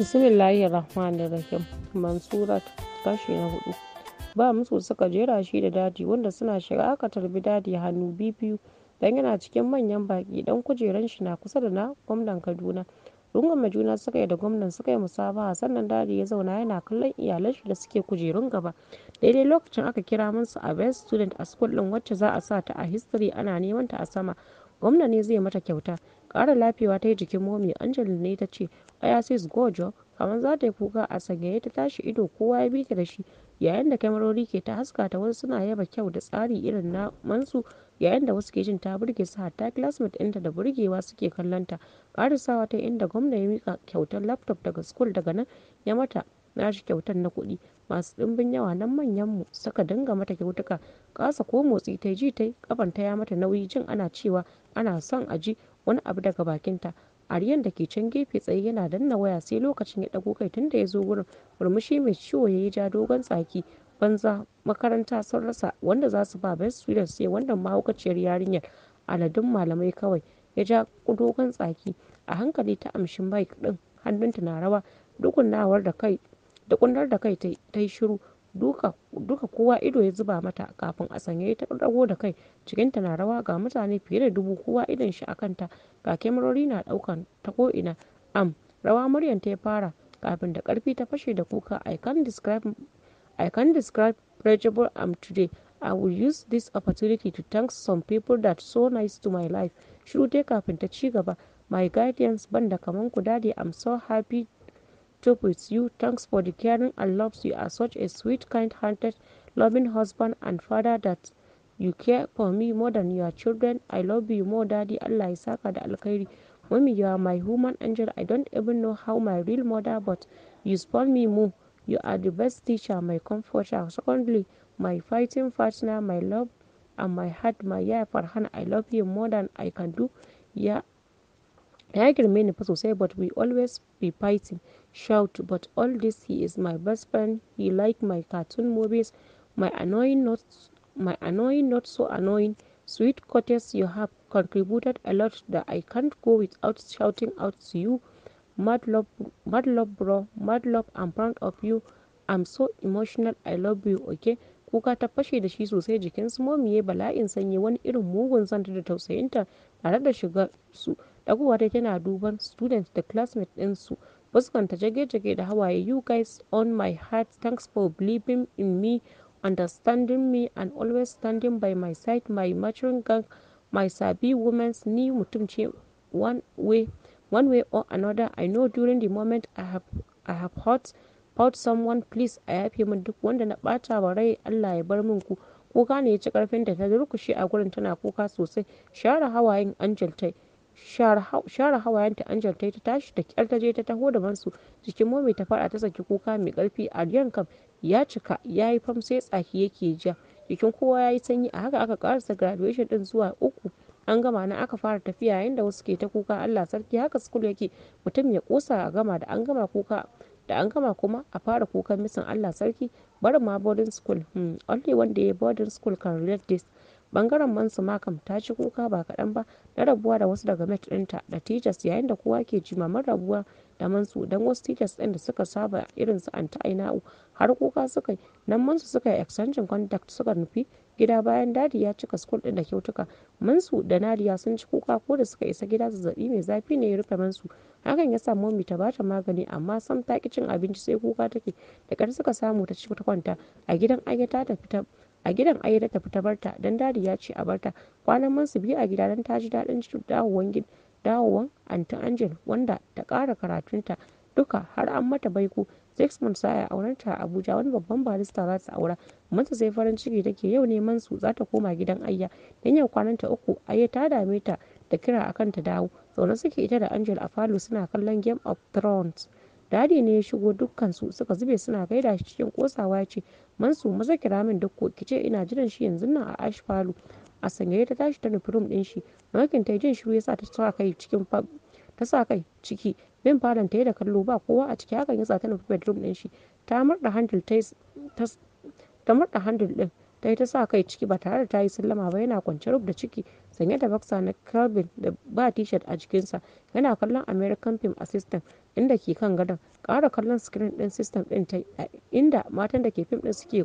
bismillahirrahmanirrahim rahmanir rahim mansurat kashi na hudu ba musu suka jera shi da dadi wanda suna shiga aka tarbi dadi hannu biyu dan yana cikin manyan baki dan kujeran shi na kusa da na gwamnan kaduna rungume juna suka yi da gwamnan suka yi musabaha sannan dadi ya zauna yana kallon iyalan shi da suke kujerun gaba daidai lokacin aka kira musu a best student a school din wacce za a sa ta a history ana neman ta a sama Gwamna ne zai mata kyauta. Ƙara lafiyawa ta yi jikin Momi. angela ne ta ce, ayasis sis go joe. Kamar za ta yi kuka a sanye ta tashi ido kowa ya bi ta da shi. Yayin da kyamarori ke ta haska ta wasu suna yaba kyau da tsari irin na mansu yayin da wasu ke jin ta burge su hatta classmate ɗinta da burgewa suke kallon ta. Ƙarisawa ta inda gwamna ya mika kyautar laptop daga school daga nan ya mata nashi kyautar na kuɗi. masu ɗimbin yawa nan manyanmu suka dinga mata kyautuka ƙasa ko motsi ta ji ta kafanta ya mata nauyi jin ana cewa ana son a ji wani abu daga bakinta aryan da ke can gefe tsaye yana danna waya sai lokacin ya ɗago kai tunda ya zo wurin. murmushi mai ciwo yayi ja dogon tsaki banza makaranta sun rasa wanda za su ba best student sai wannan mahaukaciyar yarinyar aladun malamai kawai ya ja dogon tsaki a hankali ta amshin bike din hannunta na rawa dukunnawar da kai da kundar da kai ta yi shiru duka kowa ido ya zuba mata kafin a sanya ta rago da kai cikinta na rawa ga mutane fiye da dubu kowa idon shi a kanta ga kyamarori na daukan ta ko'ina am rawa muryan ta ya fara kafin da karfi ta fashe da kuka i can describe i am um, today i will use this opportunity to thank some people that so nice to my life shiru dai kafin ta ci gaba my guardians banda kaman ku dadi i'm so happy stood with you. Thanks for the caring and love. You are such a sweet, kind hearted, loving husband and father that you care for me more than your children. I love you more, daddy. Allah ya da alkhairi. Mommy, you are my human angel. I don't even know how my real mother, but you spoil me more. You are the best teacher, my comforter. Secondly, my fighting partner, my love, and my heart, my yeah, Farhan. I love you more than I can do. Yeah, Ya girme ni fa sosai but we always be fighting, shout, but all this he is my best friend, he like my cartoon movies, my annoying not so annoying, sweet cottage you have contributed a lot that I can't go without shouting out to you, mad love bro, mad love I'm proud of you, I'm so emotional I love you ok, kuka ta fashe da shi sosai jikin su ya bala'in sanyi wani irin mugun santa da tausayinta tare da shiga su Ɗagowa yana tana duban students da classmates ɗinsu, fuskanta jage-jage da hawaye. "You guys own my heart, thanks for believing in me, understanding me and always standing by my side, my maturing gang, my sabi women" Ni mutum ce one way, one way or another, I know during the moment I have, I have hurt, hurt someone, please a yafe min duk wanda na ɓata wa rai Allah ya bar min ku. Kuka ne ya ci da ta durƙushe a gurin tana kuka sosai, share hawayen Angel tai share hawayenta Angel ta yi ta tashi da ƙyar ta je ta taho da bansu jikin momi ta faɗa ta saki kuka mai ƙarfi Aryan kam ya cika ya yi fam sai tsaki yake ja jikin kowa ya yi sanyi a haka aka karasa graduation din zuwa uku an gama na aka fara tafiya yayin da wasu ke ta kuka Allah sarki haka school yake mutum ya kosa a gama da an gama kuka da an gama kuma a fara kukan misan Allah sarki barin ma boarding school hmm. only wanda ya boarding school can relate this bangaren Mansour makam ta ci kuka ba kaɗan ba na rabuwa da wasu daga met ɗinta da titus yayin da kowa ke jimamin rabuwa da mansu don wasu titus ɗin da suka saba irin su aina Ainau har kuka suka yi nan Mansour suka yi extension contact suka nufi gida bayan Dadi ya cika school ɗin da kyautuka. mansu da Nadiya sun ci kuka ko da suka isa gida zazzabi mai zafi ne ya rufe mansu hakan ya sa momi ta bata magani amma sam ta ƙi cin abinci sai kuka take da ƙyar suka samu ta ci ta kwanta a gidan ayyata ta tafi A gidan Aida ta tafi ta barta don Dadi ya ce a barta kwanan kwanan Mansu biyu a gida don ta ji daɗin dawowan Anty Angel wanda ta ƙara karatunta duka har an mata baiko, Six months za aurenta a Abuja wani babban barista za ta aura, Mansu sai farin ciki take yau ne su za ta koma gidan Ayya don yau kwanan ta uku Ayya ta dame ta da kira akan ta dawo, zaune suke ita da Angel a falo suna kallon Game of Thrones. Dadi ne ya shigo dukkansu suka zube suna gaida shi cikin kosawa ya ce, Mansu maza kira min duk ki ce ina jiran shi yanzun nan a ash falo. A sanye ta tashi ta nufi rum ɗin shi. Nokin ta jin shiru ya sa ta sa kai cikin ta sa kai ciki. Bin falon ta yi da kallo ba kowa a ciki hakan ya sa ta nufi bedroom ɗin shi. Ta murɗa handle ta ta murɗa handle ɗin ta yi ta sa kai ciki ba tare da ta yi sallama ba yana kwance rub da ciki sanye da baksa na calvin da ba t-shirt a sa yana kallon american film assistant inda ke kan gadon kara kallon screen din system din ta inda matan da ke fim din suke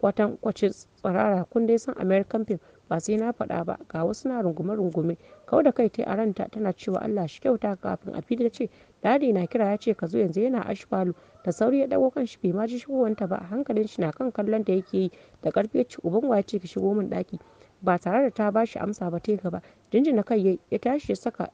kwatan kwacin tsarara kun dai san american film ba sai na faɗa ba ga wasu na rungume rungume kau da kai ta a ranta tana cewa Allah shi kyauta kafin a fita ce dadi na kira ya ce ka zo yanzu yana ashfalu da sauri ya dago kan shi bai ma ji shigowanta ba hankalin shi na kan kallon da yake yi da karfi ya ce uban waye ce ki shigo min daki ba tare da ta ba shi amsa ba ta gaba jinjina kai ya tashi ya saka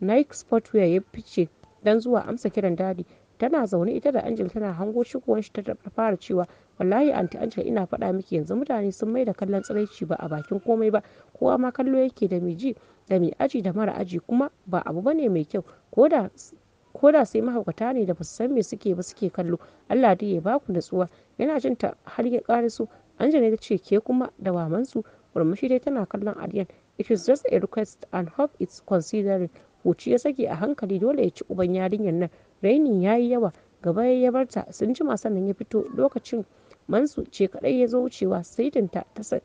Nike sportwear ya fice dan zuwa amsa kiran dadi Tana zaune ita da Angel tana hango shigowar shi ta fara cewa wallahi anti Angel ina faɗa miki yanzu mutane sun mai da kallon tsiraici ba a bakin komai ba kowa ma kallo yake da miji da mai aji da mara aji kuma ba abu bane mai kyau koda ko sai mahaukata ne da basu san me suke ba suke kallo Allah dai ya baku natsuwa yana jin ta har ya su Angel ne ta ce ke kuma da wamansu murmushi dai tana kallon Aryan it is just a request and hope it's considering huci ya saki a hankali dole ya ci uban yarinyar nan rainin ya yi yawa gaba ya barta sun jima sannan ya fito lokacin mansu ce kadai ya zo wucewa saitinta ta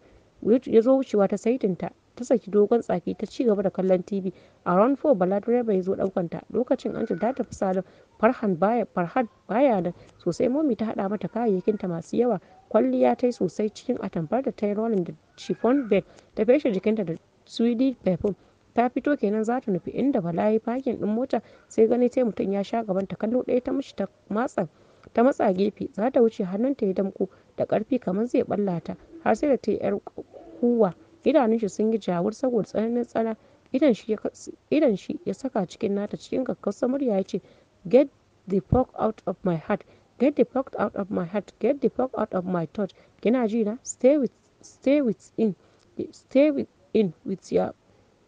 ya zo wucewa ta saitinta ta saki dogon tsaki ta ci gaba da kallon tv a round 4 bala direba ya zo daukanta lokacin an ta tafi salon farhan baya farhad baya da sosai momi ta hada mata kayayyakin ta masu yawa kwalliya ta yi sosai cikin atamfar da ta yi rolling da chiffon bag ta feshe jikinta da swedish perfume ta fito kenan za ta nufi inda bala ya yi fakin ɗin mota sai gani tai mutum ya sha gaban ta kallo ɗaya ta mishi ta matsa ta matsa gefe za ta wuce hannunta ya damƙo da ƙarfi kamar zai ta har sai da ta yi yar kuwa idanun shi sun yi jawur saboda tsananin tsana idan shi ya saka cikin nata cikin kakkausar murya ya ce get the fuck out of my heart get the fuck out of my heart get the fuck out of my thought kina ji na stay with stay with in stay with in with your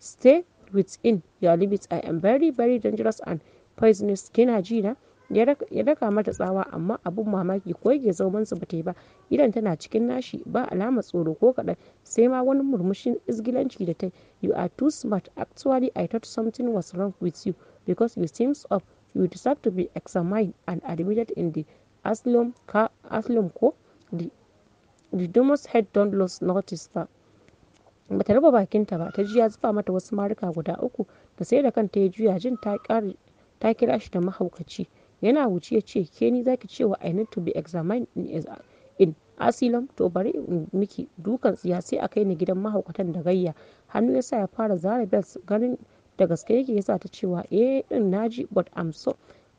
Stay within your limits. I am very, very dangerous and poisonous. Kina ji na? Ya daka mata tsawa amma abun mamaki ko zauman ba ta yi ba. idan tana cikin nashi ba alamar tsoro ko kaɗan sai ma wani murmushin izgilanci da ta yi. You are too smart. Actually, I thought something was wrong with you because you seems up. You deserve to be examined and admitted in the asylum, ko the, the Dumas head don't lose notice. ba. ba ta bakin bakinta ba ta ji ya zuba mata wasu maruka guda uku da sai da kanta ya juya jin ta kira shi da mahaukaci yana wuce ya ce ke ni zaki cewa i need to be examined in asylum to bari miki dukan tsiya sai a kai ni gidan mahaukatan da gayya hannu yasa ya fara zara bells ganin da gaske yake yasa ta cewa eh din naji but i'm so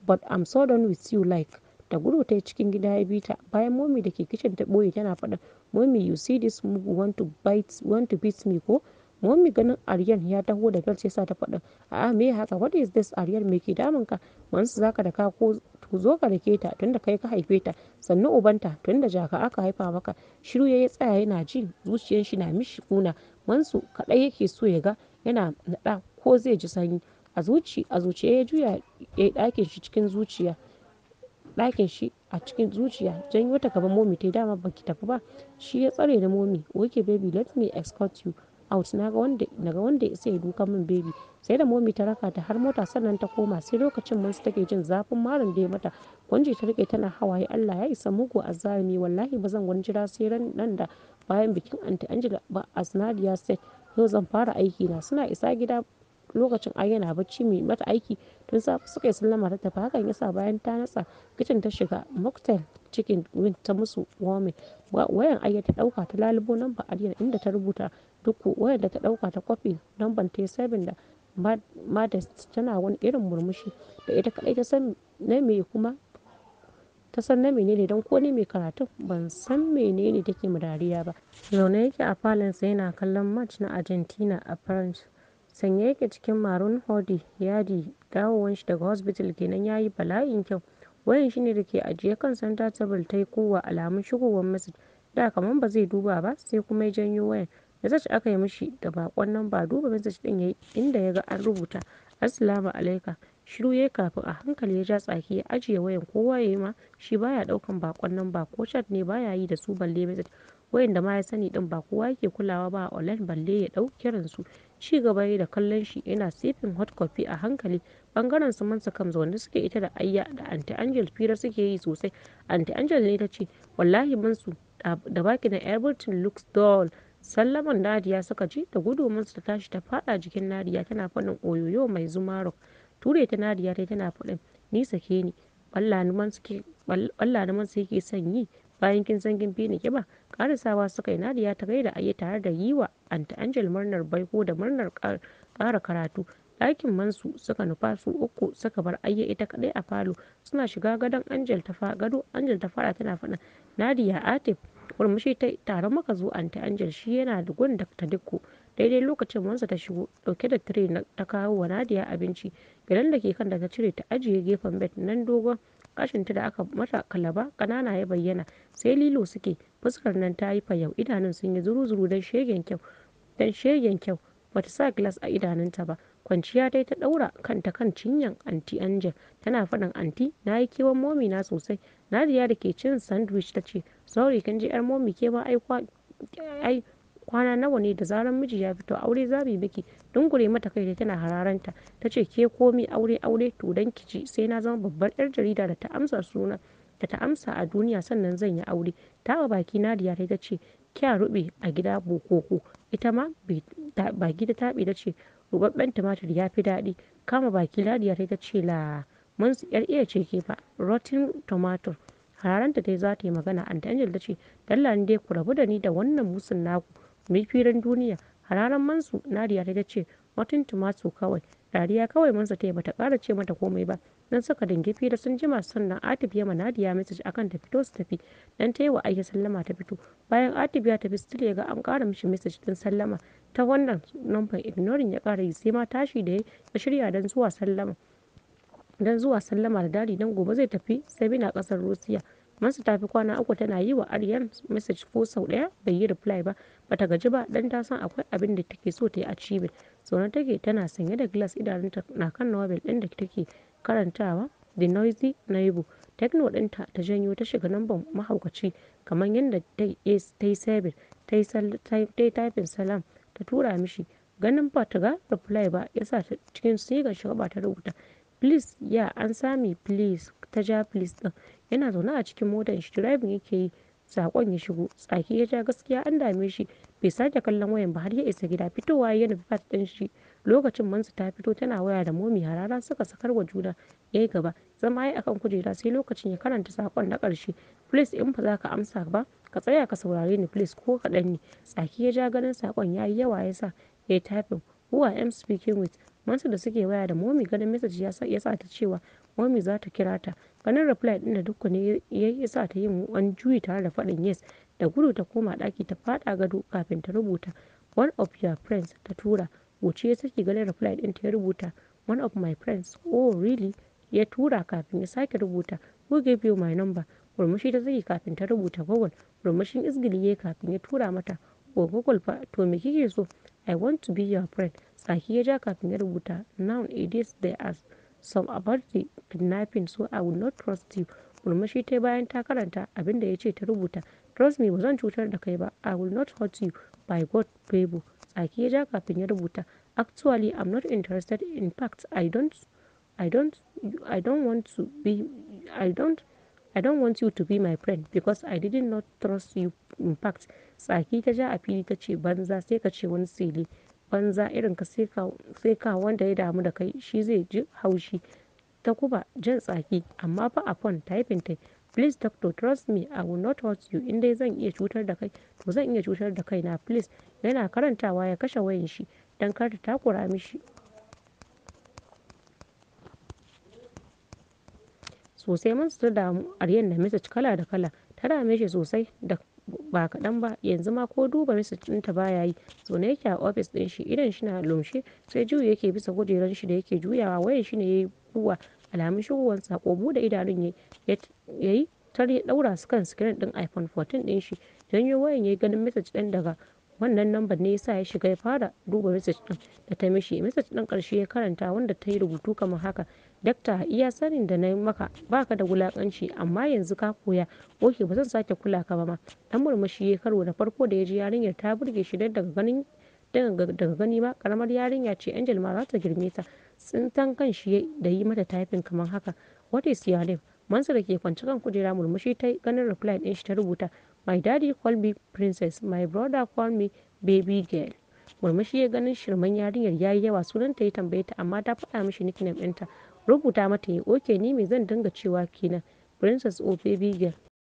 but i'm so done with you like da gudu ta cikin gida ya bita bayan momi da ke kicin ta boye tana faɗa Mommy you see this mugu want to bite want to beat me ko mommy ganin Aryan ya taho da bel sai ta faɗa a'a me haka what is this Aryan me ke damun ka wansu zaka da ka ko zo ka rike ta tunda kai ka haife ta sannu ubanta tunda jaka aka haifa maka shiru ya tsaya yana ji zuciyar shi na mishi kuna wansu kadai yake so ya ga yana nada ko zai ji sanyi a zuci a zuciya ya juya ya ɗakin shi cikin zuciya dakin shi a cikin zuciya janyo wata gaban momi ta dama baki tafi ba shi ya tsare da momi oke baby let me escort you out naga wanda naga wanda ya sai min baby sai da momi ta raka ta har mota sannan ta koma sai lokacin mun take jin zafin marin da ya mata gwanji ta rike tana hawaye Allah ya isa mugu azzalimi wallahi ba zan wani jira sai ran nan da bayan bikin anti Angela ba Asnadiya sai yau zan fara aiki na suna isa gida lokacin ai yana bacci mai mata aiki tun safe suka yi sallama ta tafi hakan yasa bayan ta natsa kicin ta shiga mocktail cikin wind ta musu warming wayan ai ta dauka ta lalubo namba aryan inda ta rubuta duk wayar da ta dauka ta kwafi namban ta sabin da modest tana wani irin murmushi da ita kadai ta san na me kuma ta san na menene don ko ne mai karatun ban san menene take mu dariya ba zaune yake a sa yana kallon match na argentina a france Sanye yake cikin maroon hoodie yadi dawowar shi daga hospital kenan yi bala'in kyau. Wayan shi ne da ke ajiye kan center table tayi kowa alamun shigowar message. Da kamar ba zai duba ba sai kuma ya janyo wayan. Message aka yi mishi da bakon nan ba duba message din yayi inda ya ga an rubuta Assalamu alaikum. Shiru yayi kafin a hankali ya ja tsaki ya ajiye wayan kowa yayi ma shi baya ɗaukan nan ba ko chat ne baya yi da su balle message. Wayan da ma ya sani din ba kowa yake kulawa ba a online balle ya kiran su. ci gaba da kallon shi yana sifin hot coffee a hankali bangaren su mansa kan zaune suke ita da ayya da anti angel fira suke yi sosai anti angel ne ta ce wallahi mansu da baki na everything looks dull sallaman nadiya suka ji da gudu mansu ta tashi ta fada jikin nadiya tana faɗin oyoyo mai zuma rock ture ta nadiya dai tana faɗin ni ke ni ballanuman mansu yake son yi bayan kin san kin fi ni kiba karisawa suka yi nadiya ta gaida a yi tare da yi wa anta angel murnar baiko da murnar kara karatu ɗakin mansu suka nufa su uku suka bar ayya ita kadai a falo suna shiga gadon angel ta gado angel ta fara tana faɗa nadiya atif murmushi ta tare maka zo anta angel shi yana da gun da ta dukku daidai lokacin wansa ta shigo dauke da tire ta kawo wa nadiya abinci gidan da ke kan da ta cire ta ajiye gefen bed nan dogon ta da aka mata kalaba ƙanana ya bayyana sai lilo suke fuskar nan ta yi fayau idanun sun yi zuru-zuru don shegen kyau don shegen kyau bata sa glass a idanunta ba kwanciya dai ta ɗaura kanta kan cinyan anti angel tana faɗin anti na yi kewan momi na sosai nadiya da ke cin sandwich ta ce sorry kin ji yar momi ke ma ai kwana nawa ne da zaran miji ya fito aure za mu yi miki dungure mata kai da tana hararanta ta ce ke komi aure aure to dan kici sai na zama babbar yar jarida da ta amsa suna da ta amsa a duniya sannan zan yi aure ta baki nadiya ta ce kya rubi a gida bokoko ita ma baki da taɓi ta ce rubabben tumatir ya fi daɗi kama baki nadiya ta ce la mun yar iya ce ke ba rotten Tomatoes. hararanta dai za ta yi magana anti angel ta ce dalla ni dai ku rabu da ni da wannan musun naku mai firan duniya hararen Mansu nadia ta ce Martin Tomato kawai dariya kawai Mansa ta yi bata kara ce mata komai ba dan suka dingi fira sun jima sannan Atif ya ma Nadiya message akan ta fito su tafi dan ta yi wa aiki sallama ta fito bayan Atif ya tafi still ya ga an kara mishi message din sallama ta wannan numfan ignorin ya kara yi sai ma tashi da ya shirya dan zuwa sallama dan zuwa sallama da dadi dan gobe zai tafi Sabina kasar Rusiya Mansu ta fi kwana uku tana yi wa Aryan message ko sau ɗaya bai yi reply ba. Bata gaji ba dan ta san akwai abin da take so ta yi a cibin. Zaune take tana sanye da glass idanunta na kan nobel ɗin da take karantawa The Noisy Neighbor. Tekno ɗinta ta janyo ta shiga namban mahaukaci kamar yadda ta yi sabin ta yi typing salam ta tura mishi. Ganin ba ta ga reply ba ya sa cikin sigar ba ta rubuta Please, yeah an sami please ta ja please ɗin. Yana zaune a cikin motar shi driving yake yi saƙon ya shigo. Tsaki ya ja gaskiya an dame shi. Bai sake kallon wayan ba har ya isa gida. Fitowa ya nufi fat ɗin shi. Lokacin Mansu ta fito tana waya da momi harara suka sakar wa juna. Yayi gaba. Zama yayi akan kujera sai lokacin ya karanta saƙon na ƙarshe. Please in ba za ka amsa ba ka tsaya ka saurare ni please ko kaɗan ne. Tsaki ya ja ganin saƙon yi yawa ya sa yayi typing. Who I am speaking with? Mansur da suke waya da Momi ganin message ya sa ta cewa Momi za ta kira ta. Ganin reply din da ne ya sa ta yin wani juyi tare da fadin yes. Da gudu ta koma daki ta fada gado kafin ta rubuta one of your friends ta tura. wuce ya saki ganin reply ɗin ta ya rubuta one of my friends oh really ya tura kafin ya sake rubuta who gave you my number. Murmushi ta saki kafin ta rubuta Google. Murmushin izgili ya kafin ya tura mata oh Google fa to me kike so? I want to be your friend. Tsaki ya ja kafin ya rubuta, Now it is there are some about the kidnapping so I will not trust you. Murmushi ta bayan ta karanta abin da ya ce ta rubuta. Trust me ba zan cutar da kai ba. I will not hurt you by God favor. Tsaki ya ja kafin ya rubuta. Actually I'm not interested in fact I don't I don't I don't want to be I don't I don't want you to be my friend because I did not trust you in fact. Tsaki ta ja a fili ta ce banza sai ka ce wani sili. banza irin ka sai ka wanda ya damu da kai shi zai ji haushi ta kuba jan tsaki amma fa a fon taifin tai please doctor trust me i will not hurt you in dai zan iya cutar da kai to zan iya cutar da kai na please yana karantawa ya kashe wayan shi dan kar ta takura mishi sosai mun su damu aryan na message kala da kala ta rame shi sosai da ba kaɗan ba yanzu ma ko duba message ɗinta baya yi zaune yake a ofis ɗin shi idan shi na lumshe sai juyi yake bisa kujeran shi da yake juyawa wayan shi ne yi buwa alamun shigowar sako buɗe idanun yi tar ya ɗaura su kan sikirin ɗin iPhone 14 ɗin shi janyo wayan ya yi ganin message ɗin daga wannan lambar ne yasa ya shiga ya fara duba message ɗin da ta mishi message ɗin ƙarshe ya karanta wanda ta yi rubutu kamar haka dakta iya sanin da na yi maka ka da wulakanci amma yanzu ka koya oke ba zan sake kula ka ba ma dan murmushi ya karo da farko da ya ji yarinyar ta burge shi daga ganin daga gani ma karamar yarinya ce angel ma za ta girme ta tsintan kan shi da yi mata taifin kamar haka what is your name mansa da ke kwanci kan kujera murmushi ta ganin reply din shi ta rubuta my daddy call me princess my brother call me baby girl murmushi ya ganin shirman yarinyar yayi yawa sunan ta ya tambaye ta amma ta faɗa mishi nickname ɗinta rubuta mata ya Ok ni mai zan dinga cewa kenan? Princess or